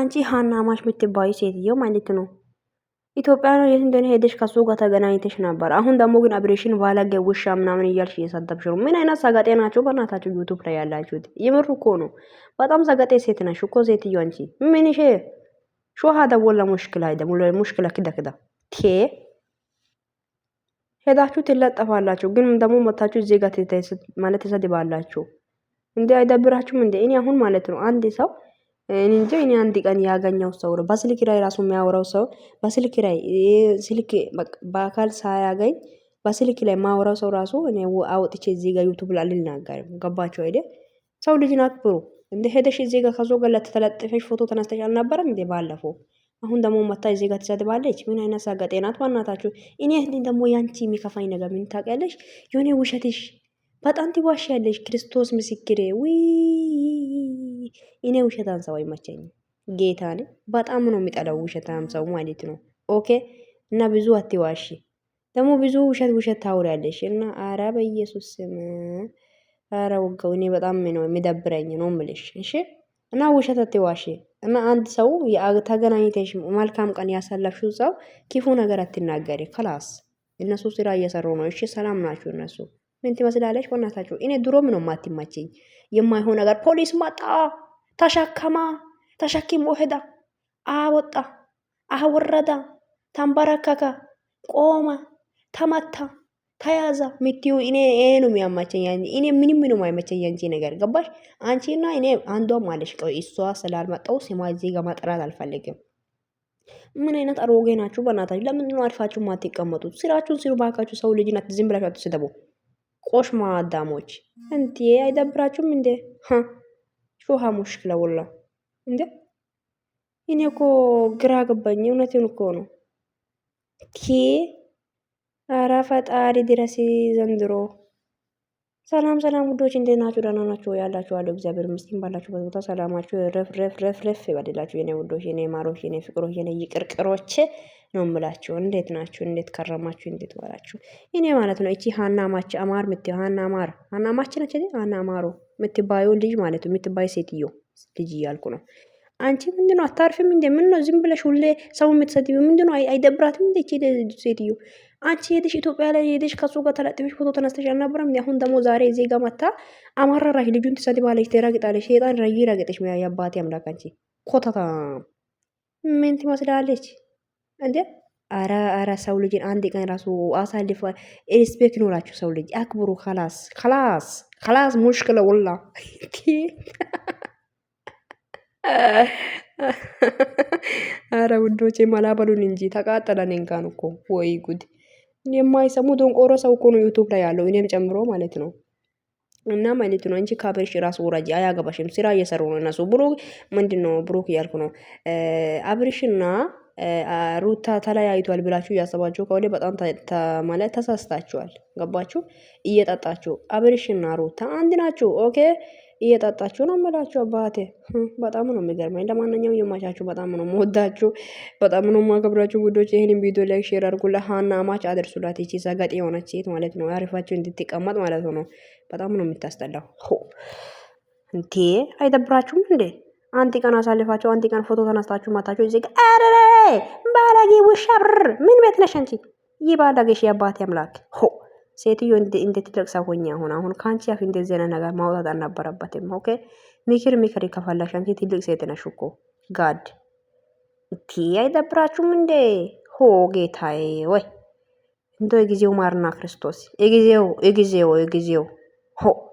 አንቺ ሀና ማሽ የምትባይ ሴትዮ ማለት ነው ኢትዮጵያ ነው የት እንደሆነ ሄደሽ ከሱ ጋር ተገናኝተሽ ነበር። አሁን ደግሞ ግን አብሬሽን ባለጌ ውሻ ምናምን እያልሽ እየሰደብሽ ነው። ምን አይነት ሰገጤ ናቸው በእናታቸው ዩቱብ ላይ ያላችሁት? ይምሩ እኮ ነው። በጣም ሰገጤ ሴት ነሽ እኮ ሴትዮ አንቺ። ምን ሾሃ ደወለ ሙሽክላ ደግሞ ሙሽክላ ክደክዳ ቴ ሄዳችሁ ትለጠፋላችሁ፣ ግን ደግሞ መታችሁ እዚህ ጋር ማለት ተሰድባላችሁ። እንዲ አይደብራችሁም እንዴ? እኔ አሁን ማለት ነው አንድ ሰው እንጂ እኔ አንድ ቀን ያገኘው ሰው ነው በስልክ ላይ ራሱ የሚያወራው ሰው በስልክ ላይ ስልክ በአካል ሳያገኝ በስልክ ላይ ማወራው ሰው ራሱ እኔ አወጥቼ እዚህ ጋር ዩቱብ ላይ አልናገርም። ገባቸው አይደ ሰው ልጅን አክብሩ። እንደ ሄደሽ እዚህ ጋር ከሰው ጋር ለተለጠፈሽ ፎቶ ተነስተሽ አልነበረም እንዴ ባለፈው? አሁን ደግሞ መታ እዚህ ጋር ትሰድባለች። ምን አይነት ሳጋጤ ናት? በእናታችሁ እኔ እንዴ ደግሞ ያንቺ የሚከፋኝ ነገር ምን ታውቂያለሽ? የሆነ ውሸትሽ በጣም ትዋሻለሽ። ክርስቶስ ምስክሬ ውይ እኔ ውሸታም ሰው አይመቸኝም። ጌታን በጣም ነው የሚጠላው ውሸታም ሰው ማለት ነው። ኦኬ እና ብዙ አትዋሺ። ደግሞ ብዙ ውሸት ውሸት ታውሪያለሽ እና አረ በኢየሱስ ስም አረ ወጋው። እኔ በጣም ነው የሚደብረኝ ነው ምልሽ። እሺ እና ውሸት አትዋሺ። እና አንድ ሰው ተገናኝተሽ መልካም ቀን ያሳለፍሽው ሰው ክፉ ነገር አትናገሪ። ከላስ እነሱ ስራ እየሰሩ ነው። እሺ ሰላም ናችሁ እነሱ ምን ትመስላለች? በእናታችሁ እኔ ድሮም ነው ማትመቸኝ የማይሆን ነገር ፖሊስ መጣ ተሸከማ ተሸኪም ሄዳ አወጣ አወረዳ ተንበረከከ ቆመ ተመታ ተያዘ ምትዩ እኔ ይሄ ነው የሚያማቸኝ። እኔ ምንም ነው የማይመቸኝ ያንቺ ነገር ገባሽ? አንቺና እኔ አንዷም አለሽ። ቆይ እሷ ስላልመጣው ስማ፣ እዚህ ጋር መጥራት አልፈልግም። ምን አይነት አሮጌ ናችሁ? በእናታችሁ ለምንድን ነው አርፋችሁ ማትቀመጡት? ስራችሁን ስሩ ባካችሁ። ሰው ልጅ ናት። ዝም ብላችሁ አትስደቡ። ቆሽ ማዳሞች እንዴ! አይደብራችሁም እንዴ? Kun haamuun ishii kan qabuudha. Inni koo garaa gabaan nyaannu nuti nu goonu. Kii aaraa faxaa adii diraa ishii dandii ሰላም ሰላም ውዶች እንዴት ናችሁ? ደህና ናችሁ ያላችሁ አለው እግዚአብሔር ይመስገን። ባላችሁበት ቦታ ሰላማችሁ ረፍ ረፍ ረፍ ረፍ ይበልላችሁ። የኔ ውዶች፣ የኔ ማሮች፣ የኔ ፍቅሮች፣ የኔ ይቅርቅሮች ነው የምላችሁ። እንዴት ናችሁ? እንዴት ከረማችሁ? እንዴት ዋላችሁ? የኔ ማለት ነው እቺ ሀና ማች አማር ምት ሀና ማር ሀና ማች ነች ሀና ማሮ ምትባዩ ልጅ ማለት ነው ምትባይ ሴትዮ ልጅ እያልኩ ነው አንቺ ነው አታርፊም እንዴ? ምነው ዝም ብለሽ ሁሌ ሰው የምትሰድቢው ምንድነው? አይደብራትም እንዴ? ቺ ሴትዮ አንቺ ሄደሽ ኢትዮጵያ ላይ ሄደሽ ከሱ ጋር ተለጥፈሽ ፎቶ ተነስተሽ አልነበረም? አሁን ደግሞ ዛሬ እዚህ ጋር መታ አማራራሽ፣ ልጁን ትሰድባለሽ፣ ትረግጣለሽ። ሴጣን ይረግጥሽ። የአባቴ አምላክ አንቺ ኮተታ ምን ትመስላለች እንዴ? አረ አረ ሰው ልጅን አንድ ቀን ራሱ አሳልፈ ሪስፔክት ኖራችሁ ሰው ልጅ አክብሩ። ከላስ ከላስ ከላስ ሙሽክለ ወላ አረ ውዶቼም አላበሉን እንጂ ተቃጠለን። እንካን እኮ ወይ ጉድ! የማይሰሙ ደንቆሮ ሰው እኮ ነው ዩቱብ ላይ ያለው እኔም ጨምሮ ማለት ነው። እና ማለት ነው እንጂ ከሀበርሽ ራሱ ወራጅ አያገባሽም። ስራ እየሰሩ ነው እነሱ። ብሩክ ምንድን ነው ብሩክ እያልኩ ነው አብርሽና ሩታ ተለያይቷል ብላችሁ እያሰባችሁ ከሆነ በጣም ማለት ተሳስታችኋል። ገባችሁ? እየጠጣችሁ አብርሽና ሩታ አንድ ናችሁ። ኦኬ እየጠጣችሁ ነው የምላችሁ። አባቴ በጣም ነው የሚገርመኝ። ለማንኛውም የማቻችሁ በጣም ነው መወዳችሁ፣ በጣም ነው የማከብራችሁ ጉዶች። ይህን ቪዲዮ ላይክ፣ ሼር አድርጉ። ለሀና ማች አደርሱላት። ይቺ ሰገጥ የሆነች ሴት ማለት ነው አሪፋችሁ እንድትቀመጥ ማለት ነው። በጣም ነው የምታስጠላው እንቴ አይደብራችሁም እንዴ? አንድ ቀን አሳልፋቸው አንድ ቀን ፎቶ ተነስታችሁ ማታችሁ እዚህ ጋር አረረ ባላጌ ውሻ ብር ምን ቤት ነሽ አንቺ? ይህ ባላጌሽ የአባቴ አምላክ ሆ ሴትዮ እንዴት ትደቅሳ ሆኛ አሁን አሁን ከአንቺ አፍ እንደዚህ ዓይነት ነገር ማውጣት አልነበረበትም። ኦኬ ምክር ምክር ይከፈላሽ። አንቺ ትልቅ ሴት ነሽ እኮ ጋድ እቲ አይደብራችሁም እንዴ? ሆ ጌታዬ ወይ እንዶ የጊዜው ማርና ክርስቶስ የጊዜው የጊዜው የጊዜው ሆ